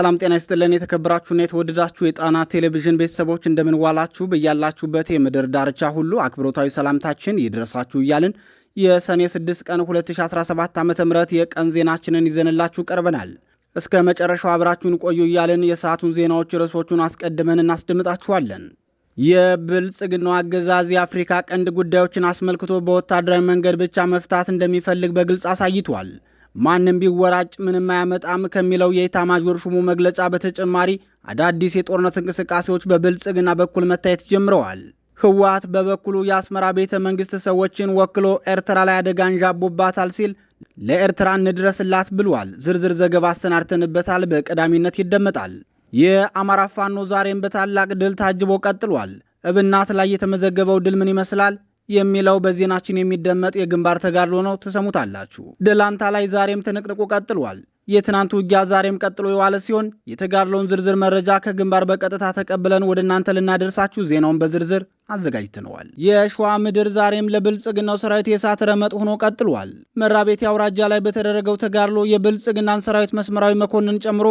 ሰላም ጤና ይስጥልን። የተከበራችሁና የተወደዳችሁ የጣና ቴሌቪዥን ቤተሰቦች እንደምንዋላችሁ፣ በያላችሁበት የምድር ዳርቻ ሁሉ አክብሮታዊ ሰላምታችን ይድረሳችሁ እያልን የሰኔ 6 ቀን 2017 ዓ ም የቀን ዜናችንን ይዘንላችሁ ቀርበናል። እስከ መጨረሻው አብራችሁን ቆዩ እያልን የሰዓቱን ዜናዎች ርዕሶቹን አስቀድመን እናስደምጣችኋለን። የብልጽግናው አገዛዝ የአፍሪካ ቀንድ ጉዳዮችን አስመልክቶ በወታደራዊ መንገድ ብቻ መፍታት እንደሚፈልግ በግልጽ አሳይቷል። ማንም ቢወራጭ ምንም አያመጣም ከሚለው የኢታማዦር ሹሙ መግለጫ በተጨማሪ አዳዲስ የጦርነት እንቅስቃሴዎች በብልጽግና በኩል መታየት ጀምረዋል። ህወሓት በበኩሉ የአስመራ ቤተ መንግስት ሰዎችን ወክሎ ኤርትራ ላይ አደጋ እንዣቦባታል ሲል ለኤርትራ እንድረስላት ብሏል። ዝርዝር ዘገባ አሰናድተንበታል፣ በቀዳሚነት ይደመጣል። የአማራ ፋኖ ዛሬም በታላቅ ድል ታጅቦ ቀጥሏል። እብናት ላይ የተመዘገበው ድል ምን ይመስላል? የሚለው በዜናችን የሚደመጥ የግንባር ተጋድሎ ነው። ትሰሙታላችሁ። ደላንታ ላይ ዛሬም ትንቅንቁ ቀጥሏል። የትናንት ውጊያ ዛሬም ቀጥሎ የዋለ ሲሆን የተጋድሎውን ዝርዝር መረጃ ከግንባር በቀጥታ ተቀብለን ወደ እናንተ ልናደርሳችሁ ዜናውን በዝርዝር አዘጋጅተነዋል። የሸዋ ምድር ዛሬም ለብልጽግናው ሰራዊት የእሳት ረመጥ ሆኖ ቀጥሏል። መራቤቴ አውራጃ ላይ በተደረገው ተጋድሎ የብልጽግናን ሰራዊት መስመራዊ መኮንን ጨምሮ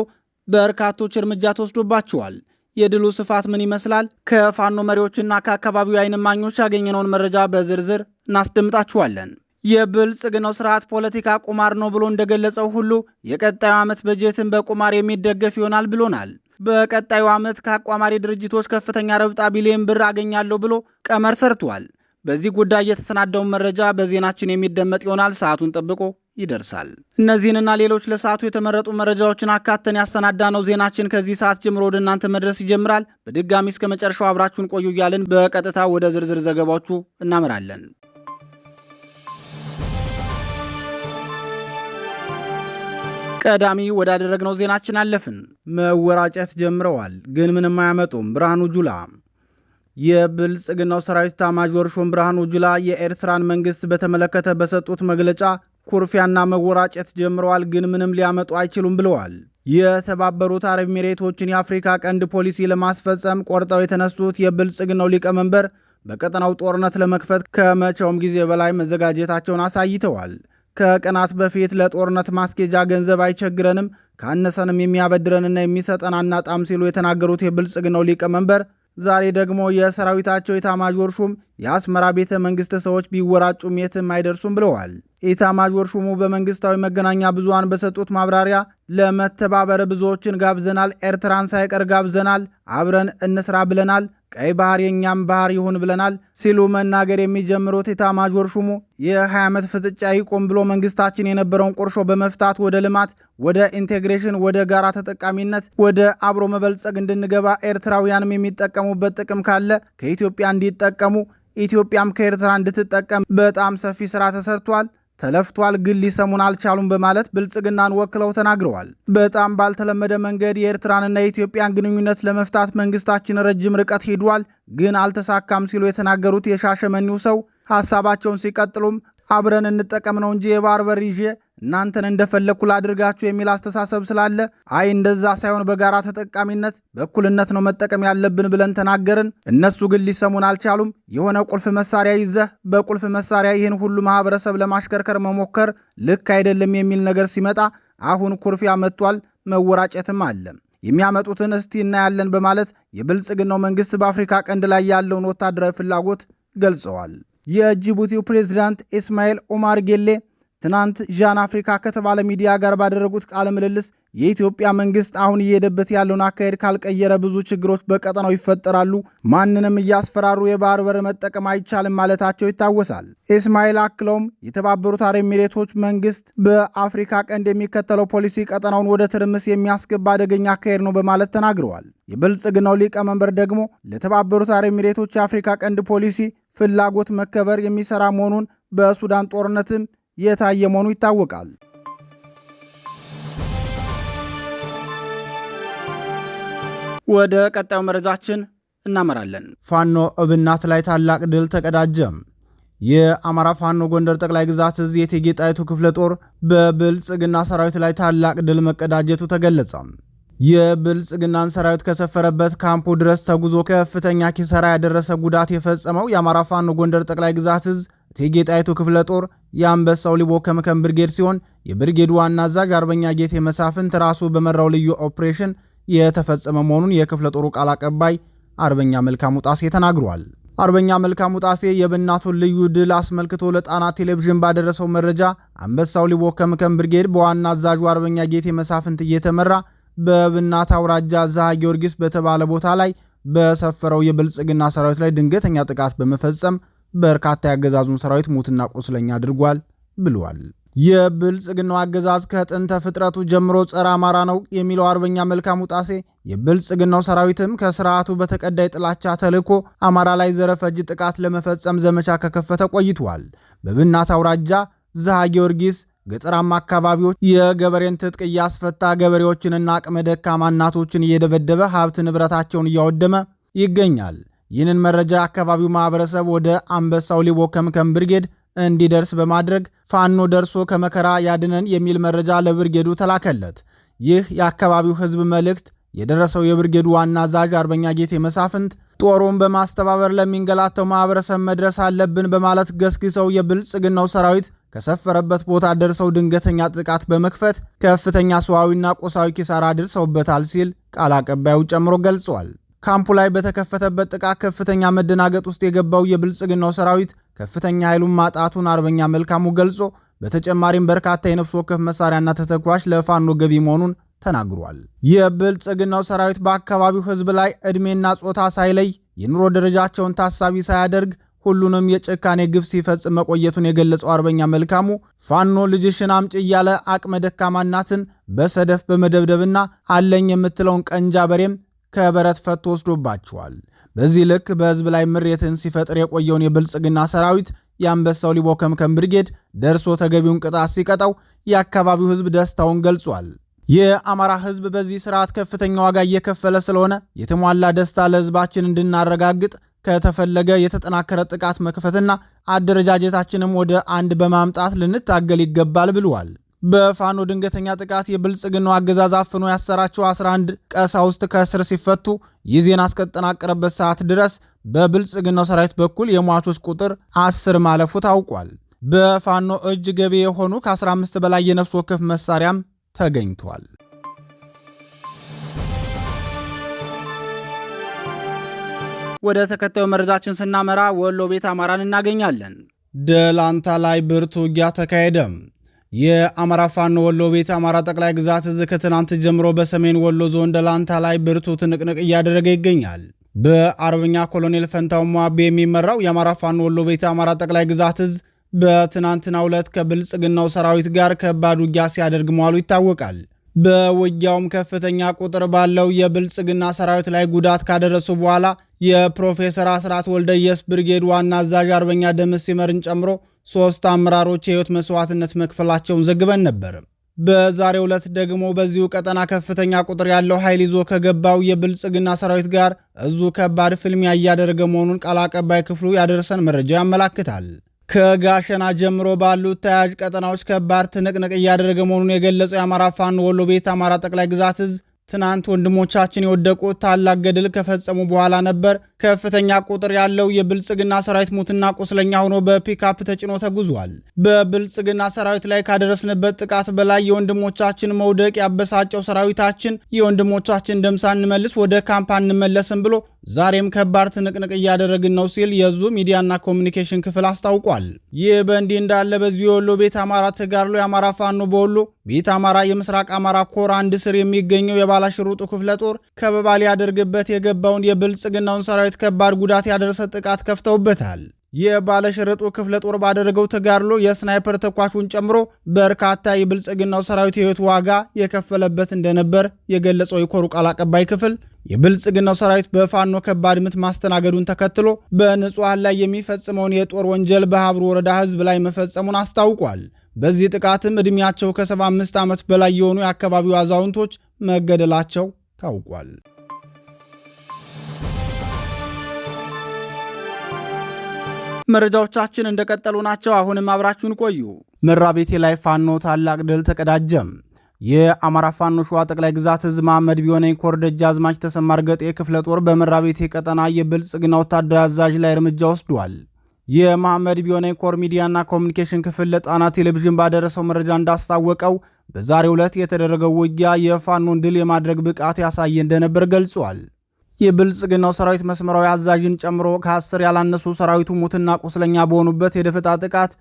በርካቶች እርምጃ ተወስዶባቸዋል። የድሉ ስፋት ምን ይመስላል? ከፋኖ መሪዎችና ከአካባቢው አይን እማኞች ያገኘነውን መረጃ በዝርዝር እናስደምጣችኋለን። የብልጽግናው ስርዓት ፖለቲካ ቁማር ነው ብሎ እንደገለጸው ሁሉ የቀጣዩ ዓመት በጀትን በቁማር የሚደገፍ ይሆናል ብሎናል። በቀጣዩ ዓመት ከአቋማሪ ድርጅቶች ከፍተኛ ረብጣ ቢሊዮን ብር አገኛለሁ ብሎ ቀመር ሰርቷል። በዚህ ጉዳይ የተሰናዳውን መረጃ በዜናችን የሚደመጥ ይሆናል። ሰዓቱን ጠብቆ ይደርሳል። እነዚህንና ሌሎች ለሰዓቱ የተመረጡ መረጃዎችን አካተን ያሰናዳነው ዜናችን ከዚህ ሰዓት ጀምሮ ወደ እናንተ መድረስ ይጀምራል። በድጋሚ እስከ መጨረሻው አብራችሁን ቆዩ እያልን በቀጥታ ወደ ዝርዝር ዘገባዎቹ እናመራለን። ቀዳሚ ወዳደረግነው ዜናችን አለፍን። መወራጨት ጀምረዋል፣ ግን ምንም አያመጡም። ብርሃኑ ጁላ የብልጽግናው ሰራዊት ማጆር ሹም ብርሃኑ ጁላ የኤርትራን መንግስት በተመለከተ በሰጡት መግለጫ ኩርፊያና መወራጨት ጀምረዋል፣ ግን ምንም ሊያመጡ አይችሉም ብለዋል። የተባበሩት አረብ ኤሚሬቶችን የአፍሪካ ቀንድ ፖሊሲ ለማስፈጸም ቆርጠው የተነሱት የብልጽግናው ሊቀመንበር በቀጠናው ጦርነት ለመክፈት ከመቼውም ጊዜ በላይ መዘጋጀታቸውን አሳይተዋል። ከቀናት በፊት ለጦርነት ማስኬጃ ገንዘብ አይቸግረንም፣ ካነሰንም የሚያበድረንና የሚሰጠን አናጣም ሲሉ የተናገሩት የብልጽግናው ሊቀመንበር ዛሬ ደግሞ የሰራዊታቸው ኢታማዦር ሹም የአስመራ ቤተ መንግስት ሰዎች ቢወራጩም የትም አይደርሱም ብለዋል። ኢታማዦር ሹሙ በመንግስታዊ መገናኛ ብዙሃን በሰጡት ማብራሪያ ለመተባበር ብዙዎችን ጋብዘናል፣ ኤርትራን ሳይቀር ጋብዘናል፣ አብረን እንስራ ብለናል፣ ቀይ ባህር የእኛም ባህር ይሁን ብለናል ሲሉ መናገር የሚጀምሩት ኤታማዦር ሹሙ የ20 ዓመት ፍጥጫ ይቆም ብሎ መንግስታችን የነበረውን ቁርሾ በመፍታት ወደ ልማት፣ ወደ ኢንቴግሬሽን፣ ወደ ጋራ ተጠቃሚነት፣ ወደ አብሮ መበልጸግ እንድንገባ ኤርትራውያንም የሚጠቀሙበት ጥቅም ካለ ከኢትዮጵያ እንዲጠቀሙ ኢትዮጵያም ከኤርትራ እንድትጠቀም በጣም ሰፊ ስራ ተሰርቷል። ተለፍቷል፣ ግን ሊሰሙን አልቻሉም በማለት ብልጽግናን ወክለው ተናግረዋል። በጣም ባልተለመደ መንገድ የኤርትራንና የኢትዮጵያን ግንኙነት ለመፍታት መንግስታችን ረጅም ርቀት ሄዷል፣ ግን አልተሳካም ሲሉ የተናገሩት የሻሸመኒው ሰው ሀሳባቸውን ሲቀጥሉም አብረን እንጠቀም ነው እንጂ የባርበር ይዤ እናንተን እንደፈለግኩ ላድርጋችሁ የሚል አስተሳሰብ ስላለ አይ እንደዛ ሳይሆን በጋራ ተጠቃሚነት በእኩልነት ነው መጠቀም ያለብን ብለን ተናገርን። እነሱ ግን ሊሰሙን አልቻሉም። የሆነ ቁልፍ መሳሪያ ይዘህ በቁልፍ መሳሪያ ይህን ሁሉ ማህበረሰብ ለማሽከርከር መሞከር ልክ አይደለም የሚል ነገር ሲመጣ አሁን ኩርፊያ መጥቷል፣ መወራጨትም አለ። የሚያመጡትን እስቲ እናያለን በማለት የብልጽግናው መንግስት በአፍሪካ ቀንድ ላይ ያለውን ወታደራዊ ፍላጎት ገልጸዋል። የጅቡቲው ፕሬዚዳንት ኢስማኤል ኦማር ጌሌ ትናንት ዣን አፍሪካ ከተባለ ሚዲያ ጋር ባደረጉት ቃለ ምልልስ የኢትዮጵያ መንግስት አሁን እየሄደበት ያለውን አካሄድ ካልቀየረ ብዙ ችግሮች በቀጠናው ይፈጠራሉ፣ ማንንም እያስፈራሩ የባህር በር መጠቀም አይቻልም ማለታቸው ይታወሳል። ኢስማኤል አክለውም የተባበሩት አረብ ኤሚሬቶች መንግስት በአፍሪካ ቀንድ የሚከተለው ፖሊሲ ቀጠናውን ወደ ትርምስ የሚያስገባ አደገኛ አካሄድ ነው በማለት ተናግረዋል። የብልጽግናው ሊቀመንበር ደግሞ ለተባበሩት አረብ ኤሚሬቶች የአፍሪካ ቀንድ ፖሊሲ ፍላጎት መከበር የሚሰራ መሆኑን በሱዳን ጦርነትም የታየ መሆኑ ይታወቃል። ወደ ቀጣዩ መረጃችን እናመራለን። ፋኖ እብናት ላይ ታላቅ ድል ተቀዳጀም። የአማራ ፋኖ ጎንደር ጠቅላይ ግዛት እዝ የእቴጌ ጣይቱ ክፍለ ጦር በብልጽግና ሰራዊት ላይ ታላቅ ድል መቀዳጀቱ ተገለጸ። የብልጽግናን ሰራዊት ከሰፈረበት ካምፑ ድረስ ተጉዞ ከፍተኛ ኪሰራ ያደረሰ ጉዳት የፈጸመው የአማራ ፋኖ ጎንደር ጠቅላይ ግዛት እዝ እቴጌ ጣይቱ ክፍለ ጦር የአንበሳው ሊቦ ከመከም ብርጌድ ሲሆን የብርጌዱ ዋና አዛዥ አርበኛ ጌቴ መሳፍንት ራሱ በመራው ልዩ ኦፕሬሽን የተፈጸመ መሆኑን የክፍለ ጦሩ ቃል አቀባይ አርበኛ መልካሙ ጣሴ ተናግሯል። አርበኛ መልካሙ ጣሴ የበናቱን ልዩ ድል አስመልክቶ ለጣና ቴሌቪዥን ባደረሰው መረጃ አንበሳው ሊቦ ከምከም ብርጌድ በዋና አዛዡ አርበኛ ጌቴ መሳፍንት እየተመራ በብናት አውራጃ ዛሃ ጊዮርጊስ በተባለ ቦታ ላይ በሰፈረው የብልጽግና ሰራዊት ላይ ድንገተኛ ጥቃት በመፈጸም በርካታ የአገዛዙን ሰራዊት ሙትና ቁስለኛ አድርጓል ብሏል። የብልጽግናው አገዛዝ ከጥንተ ፍጥረቱ ጀምሮ ጸረ አማራ ነው የሚለው አርበኛ መልካሙ ጣሴ የብልጽግናው ሰራዊትም ከስርዓቱ በተቀዳይ ጥላቻ ተልኮ አማራ ላይ ዘረፈጅ ጥቃት ለመፈጸም ዘመቻ ከከፈተ ቆይቷል። በብናት አውራጃ ዝሃ ጊዮርጊስ ገጠራማ አካባቢዎች የገበሬን ትጥቅ እያስፈታ ገበሬዎችንና አቅመ ደካማ እናቶችን እየደበደበ ሀብት ንብረታቸውን እያወደመ ይገኛል። ይህንን መረጃ አካባቢው ማህበረሰብ ወደ አንበሳው ሊቦ ከምከም ብርጌድ እንዲደርስ በማድረግ ፋኖ ደርሶ ከመከራ ያድነን የሚል መረጃ ለብርጌዱ ተላከለት። ይህ የአካባቢው ህዝብ መልእክት የደረሰው የብርጌዱ ዋና አዛዥ አርበኛ ጌቴ መሳፍንት ጦሩን በማስተባበር ለሚንገላተው ማህበረሰብ መድረስ አለብን በማለት ገስግሰው የብልጽግናው ሰራዊት ከሰፈረበት ቦታ ደርሰው ድንገተኛ ጥቃት በመክፈት ከፍተኛ ሰዋዊና ቁሳዊ ኪሳራ አድርሰውበታል ሲል ቃል አቀባዩ ጨምሮ ገልጿል። ካምፑ ላይ በተከፈተበት ጥቃት ከፍተኛ መደናገጥ ውስጥ የገባው የብልጽግናው ሰራዊት ከፍተኛ ኃይሉን ማጣቱን አርበኛ መልካሙ ገልጾ በተጨማሪም በርካታ የነፍስ ወከፍ መሳሪያና ተተኳሽ ለፋኖ ገቢ መሆኑን ተናግሯል። የብልጽግናው ሰራዊት በአካባቢው ህዝብ ላይ ዕድሜና ጾታ ሳይለይ የኑሮ ደረጃቸውን ታሳቢ ሳያደርግ ሁሉንም የጭካኔ ግፍ ሲፈጽም መቆየቱን የገለጸው አርበኛ መልካሙ ፋኖ ልጅሽን አምጪ እያለ አቅመ ደካማ እናትን በሰደፍ በመደብደብና አለኝ የምትለውን ቀንጃ በሬም ከበረት ፈቶ ወስዶባቸዋል። በዚህ ልክ በህዝብ ላይ ምሬትን ሲፈጥር የቆየውን የብልጽግና ሰራዊት የአንበሳው ሊቦ ከምከም ብርጌድ ደርሶ ተገቢውን ቅጣት ሲቀጣው የአካባቢው ህዝብ ደስታውን ገልጿል። የአማራ ህዝብ በዚህ ስርዓት ከፍተኛ ዋጋ እየከፈለ ስለሆነ የተሟላ ደስታ ለህዝባችን እንድናረጋግጥ ከተፈለገ የተጠናከረ ጥቃት መክፈትና አደረጃጀታችንም ወደ አንድ በማምጣት ልንታገል ይገባል ብለዋል። በፋኖ ድንገተኛ ጥቃት የብልጽግናው አገዛዝ አፍኖ ያሰራቸው 11 ቀሳውስት ከእስር ሲፈቱ ይህ ዜና እስከተጠናቀረበት ሰዓት ድረስ በብልጽግናው ሰራዊት በኩል የሟቾች ቁጥር 10 ማለፉ ታውቋል። በፋኖ እጅ ገቢ የሆኑ ከ15 በላይ የነፍስ ወከፍ መሳሪያም ተገኝቷል። ወደ ተከታዩ መረጃችን ስናመራ ወሎ ቤት አማራን እናገኛለን። ደላንታ ላይ ብርቱ ውጊያ ተካሄደም። የአማራ ፋኖ ወሎ ቤት አማራ ጠቅላይ ግዛት እዝ ከትናንት ጀምሮ በሰሜን ወሎ ዞን ደላንታ ላይ ብርቱ ትንቅንቅ እያደረገ ይገኛል። በአርበኛ ኮሎኔል ፈንታው ሟቤ የሚመራው የአማራ ፋኖ ወሎ ቤት አማራ ጠቅላይ ግዛት እዝ በትናንትና ዕለት ከብልጽግናው ሰራዊት ጋር ከባድ ውጊያ ሲያደርግ መዋሉ ይታወቃል። በውጊያውም ከፍተኛ ቁጥር ባለው የብልጽግና ሰራዊት ላይ ጉዳት ካደረሱ በኋላ የፕሮፌሰር አስራት ወልደየስ ብርጌድ ዋና አዛዥ አርበኛ ደምስ ሲመርን ጨምሮ ሶስት አመራሮች የህይወት መስዋዕትነት መክፈላቸውን ዘግበን ነበር። በዛሬው ዕለት ደግሞ በዚሁ ቀጠና ከፍተኛ ቁጥር ያለው ኃይል ይዞ ከገባው የብልጽግና ሰራዊት ጋር እዙ ከባድ ፍልሚያ እያደረገ መሆኑን ቃል አቀባይ ክፍሉ ያደረሰን መረጃ ያመላክታል። ከጋሸና ጀምሮ ባሉት ተያያዥ ቀጠናዎች ከባድ ትንቅንቅ እያደረገ መሆኑን የገለጸው የአማራ ፋኖ ወሎ ቤት አማራ ጠቅላይ ግዛት እዝ ትናንት ወንድሞቻችን የወደቁት ታላቅ ገድል ከፈጸሙ በኋላ ነበር። ከፍተኛ ቁጥር ያለው የብልጽግና ሰራዊት ሙትና ቁስለኛ ሆኖ በፒካፕ ተጭኖ ተጉዟል። በብልጽግና ሰራዊት ላይ ካደረስንበት ጥቃት በላይ የወንድሞቻችን መውደቅ ያበሳጨው ሰራዊታችን የወንድሞቻችን ደምሳ እንመልስ ወደ ካምፕ አንመለስም ብሎ ዛሬም ከባድ ትንቅንቅ እያደረግን ነው ሲል የዙ ሚዲያና ኮሚኒኬሽን ክፍል አስታውቋል። ይህ በእንዲህ እንዳለ በዚህ የወሎ ቤት አማራ ተጋድሎ የአማራ ፋኖ በወሎ ቤት አማራ የምስራቅ አማራ ኮር አንድ ስር የሚገኘው የባላሽሩጡ ክፍለ ጦር ከበባ ሊያደርግበት የገባውን የብልጽግናውን ሰራዊት ከባድ ጉዳት ያደረሰ ጥቃት ከፍተውበታል። የባለሽርጡ ክፍለ ጦር ባደረገው ተጋድሎ የስናይፐር ተኳሹን ጨምሮ በርካታ የብልጽግናው ሰራዊት ህይወት ዋጋ የከፈለበት እንደነበር የገለጸው የኮሩ ቃል አቀባይ ክፍል የብልጽግናው ሰራዊት በፋኖ ከባድ ምት ማስተናገዱን ተከትሎ በንጹሐን ላይ የሚፈጽመውን የጦር ወንጀል በሀብሩ ወረዳ ህዝብ ላይ መፈጸሙን አስታውቋል። በዚህ ጥቃትም ዕድሜያቸው ከ75 ዓመት በላይ የሆኑ የአካባቢው አዛውንቶች መገደላቸው ታውቋል። መረጃዎቻችን እንደቀጠሉ ናቸው። አሁንም አብራችሁን ቆዩ። መራቤቴ ላይ ፋኖ ታላቅ ድል ተቀዳጀም። የአማራ ፋኖ ሸዋ ጠቅላይ ግዛት ህዝብ መሐመድ ቢሆነኝ ኮር ደጃዝማች ተሰማ እርገጤ ክፍለ ጦር በመራቤቴ ቀጠና የብልጽግና ወታደር አዛዥ ላይ እርምጃ ወስዷል። የመሐመድ ቢሆነኝ ኮር ሚዲያና ኮሚኒኬሽን ክፍል ለጣና ቴሌቪዥን ባደረሰው መረጃ እንዳስታወቀው በዛሬው ዕለት የተደረገው ውጊያ የፋኖን ድል የማድረግ ብቃት ያሳየ እንደነበር ገልጿል። የብልጽግናው ሰራዊት መስመራዊ አዛዥን ጨምሮ ከአስር ያላነሱ ሰራዊቱ ሙትና ቁስለኛ በሆኑበት የደፈጣ ጥቃት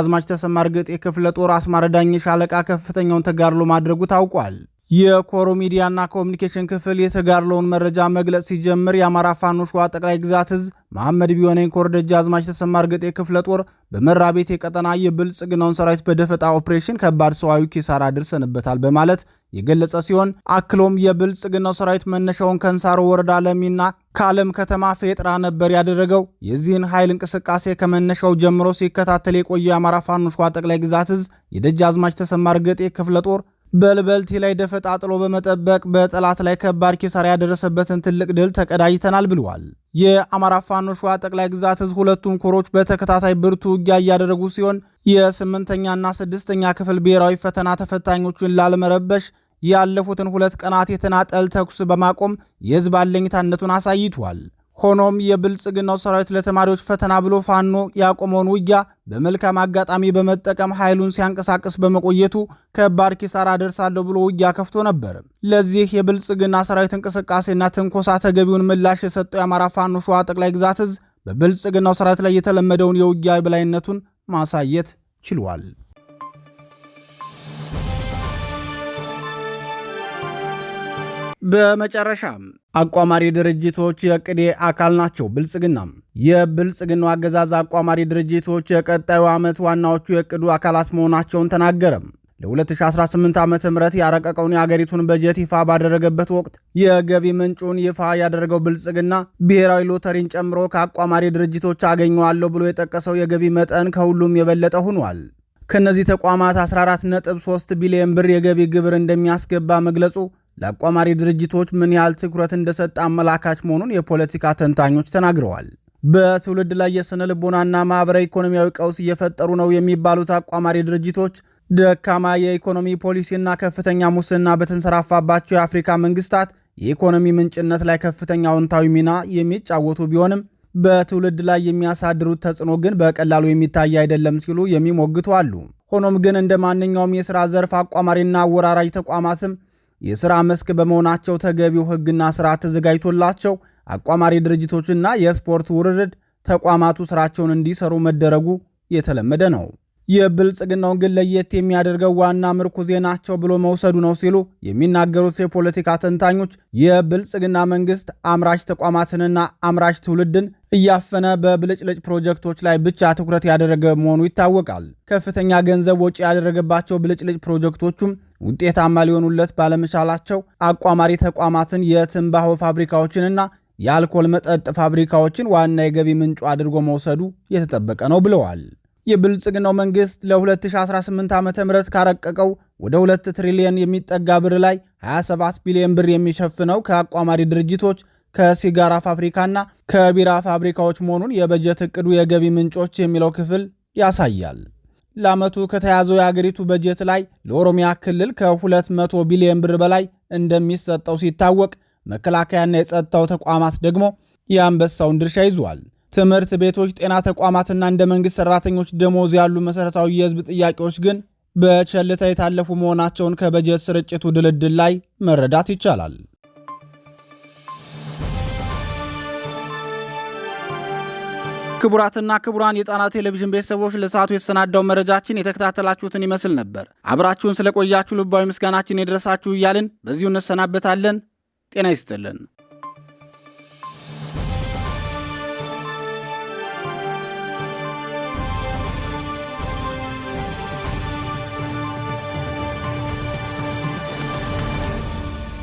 አዝማች ተሰማ እርግጥ የክፍለ ጦር አስማረ ሻለቃ ከፍተኛውን ተጋድሎ ማድረጉ ታውቋል። የኮሮ ሚዲያና ኮሚኒኬሽን ክፍል የተጋድለውን መረጃ መግለጽ ሲጀምር የአማራ ፋኖ ሸዋ ጠቅላይ ግዛት እዝ መሐመድ ቢሆነኝ ኮር ደጃዝማች ተሰማ እርገጤ ክፍለ ጦር በመራ ቤቴ ቀጠና የብልጽግናውን ሰራዊት በደፈጣ ኦፕሬሽን ከባድ ሰዋዊ ኪሳራ ደርሰንበታል በማለት የገለጸ ሲሆን አክሎም የብልጽግናው ሰራዊት መነሻውን ከንሳሮ ወረዳ ለሚና ከአለም ከተማ ፌጥራ ነበር ያደረገው። የዚህን ኃይል እንቅስቃሴ ከመነሻው ጀምሮ ሲከታተል የቆየ የአማራ ፋኖ ሸዋ ጠቅላይ ግዛት እዝ የደጃዝማች ተሰማ እርገጤ ክፍለ ጦር በልበልቲ ላይ ደፈጣጥሎ በመጠበቅ በጠላት ላይ ከባድ ኪሳራ ያደረሰበትን ትልቅ ድል ተቀዳጅተናል ብለዋል። የአማራ ፋኖ ሸዋ ጠቅላይ ግዛት እዝ ሁለቱም ኮሮች በተከታታይ ብርቱ ውጊያ እያደረጉ ሲሆን የስምንተኛና ስድስተኛ ክፍል ብሔራዊ ፈተና ተፈታኞቹን ላለመረበሽ ያለፉትን ሁለት ቀናት የተናጠል ተኩስ በማቆም የህዝብ አለኝታነቱን አሳይቷል። ሆኖም የብልጽግናው ሰራዊት ለተማሪዎች ፈተና ብሎ ፋኖ ያቆመውን ውጊያ በመልካም አጋጣሚ በመጠቀም ኃይሉን ሲያንቀሳቅስ በመቆየቱ ከባድ ኪሳራ አደርሳለሁ ብሎ ውጊያ ከፍቶ ነበር። ለዚህ የብልጽግና ሰራዊት እንቅስቃሴና ትንኮሳ ተገቢውን ምላሽ የሰጠው የአማራ ፋኖ ሸዋ ጠቅላይ ግዛት እዝ በብልጽግናው ሰራዊት ላይ የተለመደውን የውጊያ የበላይነቱን ማሳየት ችሏል። በመጨረሻም አቋማሪ ድርጅቶች የቅዴ አካል ናቸው። ብልጽግና የብልጽግናው አገዛዝ አቋማሪ ድርጅቶች የቀጣዩ ዓመት ዋናዎቹ የቅዱ አካላት መሆናቸውን ተናገረ። ለ2018 ዓ ም ያረቀቀውን የአገሪቱን በጀት ይፋ ባደረገበት ወቅት የገቢ ምንጩን ይፋ ያደረገው ብልጽግና ብሔራዊ ሎተሪን ጨምሮ ከአቋማሪ ድርጅቶች አገኘዋለሁ ብሎ የጠቀሰው የገቢ መጠን ከሁሉም የበለጠ ሆኗል። ከእነዚህ ተቋማት 14.3 ቢሊዮን ብር የገቢ ግብር እንደሚያስገባ መግለጹ ለአቋማሪ ድርጅቶች ምን ያህል ትኩረት እንደሰጠ አመላካች መሆኑን የፖለቲካ ተንታኞች ተናግረዋል። በትውልድ ላይ የስነ ልቦናና ማኅበራዊ ኢኮኖሚያዊ ቀውስ እየፈጠሩ ነው የሚባሉት አቋማሪ ድርጅቶች ደካማ የኢኮኖሚ ፖሊሲና ከፍተኛ ሙስና በተንሰራፋባቸው የአፍሪካ መንግስታት የኢኮኖሚ ምንጭነት ላይ ከፍተኛ አዎንታዊ ሚና የሚጫወቱ ቢሆንም በትውልድ ላይ የሚያሳድሩት ተጽዕኖ ግን በቀላሉ የሚታይ አይደለም ሲሉ የሚሞግቱ አሉ። ሆኖም ግን እንደ ማንኛውም የሥራ ዘርፍ አቋማሪና አወራራጅ ተቋማትም የሥራ መስክ በመሆናቸው ተገቢው ሕግና ሥርዓት ተዘጋጅቶላቸው አቋማሪ ድርጅቶችና የስፖርት ውርርድ ተቋማቱ ሥራቸውን እንዲሰሩ መደረጉ የተለመደ ነው። የብልጽግናውን ግን ለየት የሚያደርገው ዋና ምርኩዜ ናቸው ብሎ መውሰዱ ነው ሲሉ የሚናገሩት የፖለቲካ ተንታኞች የብልጽግና መንግስት አምራች ተቋማትንና አምራች ትውልድን እያፈነ በብልጭልጭ ፕሮጀክቶች ላይ ብቻ ትኩረት ያደረገ መሆኑ ይታወቃል። ከፍተኛ ገንዘብ ወጪ ያደረገባቸው ብልጭልጭ ፕሮጀክቶቹም ውጤታማ ሊሆኑለት ባለመቻላቸው አቋማሪ ተቋማትን፣ የትንባሆ ፋብሪካዎችንና የአልኮል መጠጥ ፋብሪካዎችን ዋና የገቢ ምንጩ አድርጎ መውሰዱ የተጠበቀ ነው ብለዋል። የብልጽግናው መንግስት ለ2018 ዓ ም ካረቀቀው ወደ 2 ትሪሊየን የሚጠጋ ብር ላይ 27 ቢሊዮን ብር የሚሸፍነው ከአቋማሪ ድርጅቶች ከሲጋራ ፋብሪካና ከቢራ ፋብሪካዎች መሆኑን የበጀት እቅዱ የገቢ ምንጮች የሚለው ክፍል ያሳያል። ለዓመቱ ከተያዘው የአገሪቱ በጀት ላይ ለኦሮሚያ ክልል ከ200 ቢሊዮን ብር በላይ እንደሚሰጠው ሲታወቅ፣ መከላከያና የጸጥታው ተቋማት ደግሞ የአንበሳውን ድርሻ ይዟል። ትምህርት ቤቶች፣ ጤና ተቋማትና እንደ መንግስት ሰራተኞች ደሞዝ ያሉ መሰረታዊ የህዝብ ጥያቄዎች ግን በቸልታ የታለፉ መሆናቸውን ከበጀት ስርጭቱ ድልድል ላይ መረዳት ይቻላል። ክቡራትና ክቡራን የጣና ቴሌቪዥን ቤተሰቦች ለሰዓቱ የተሰናዳው መረጃችን የተከታተላችሁትን ይመስል ነበር። አብራችሁን ስለቆያችሁ ልባዊ ምስጋናችን የደረሳችሁ እያልን በዚሁ እንሰናበታለን። ጤና ይስጥልን።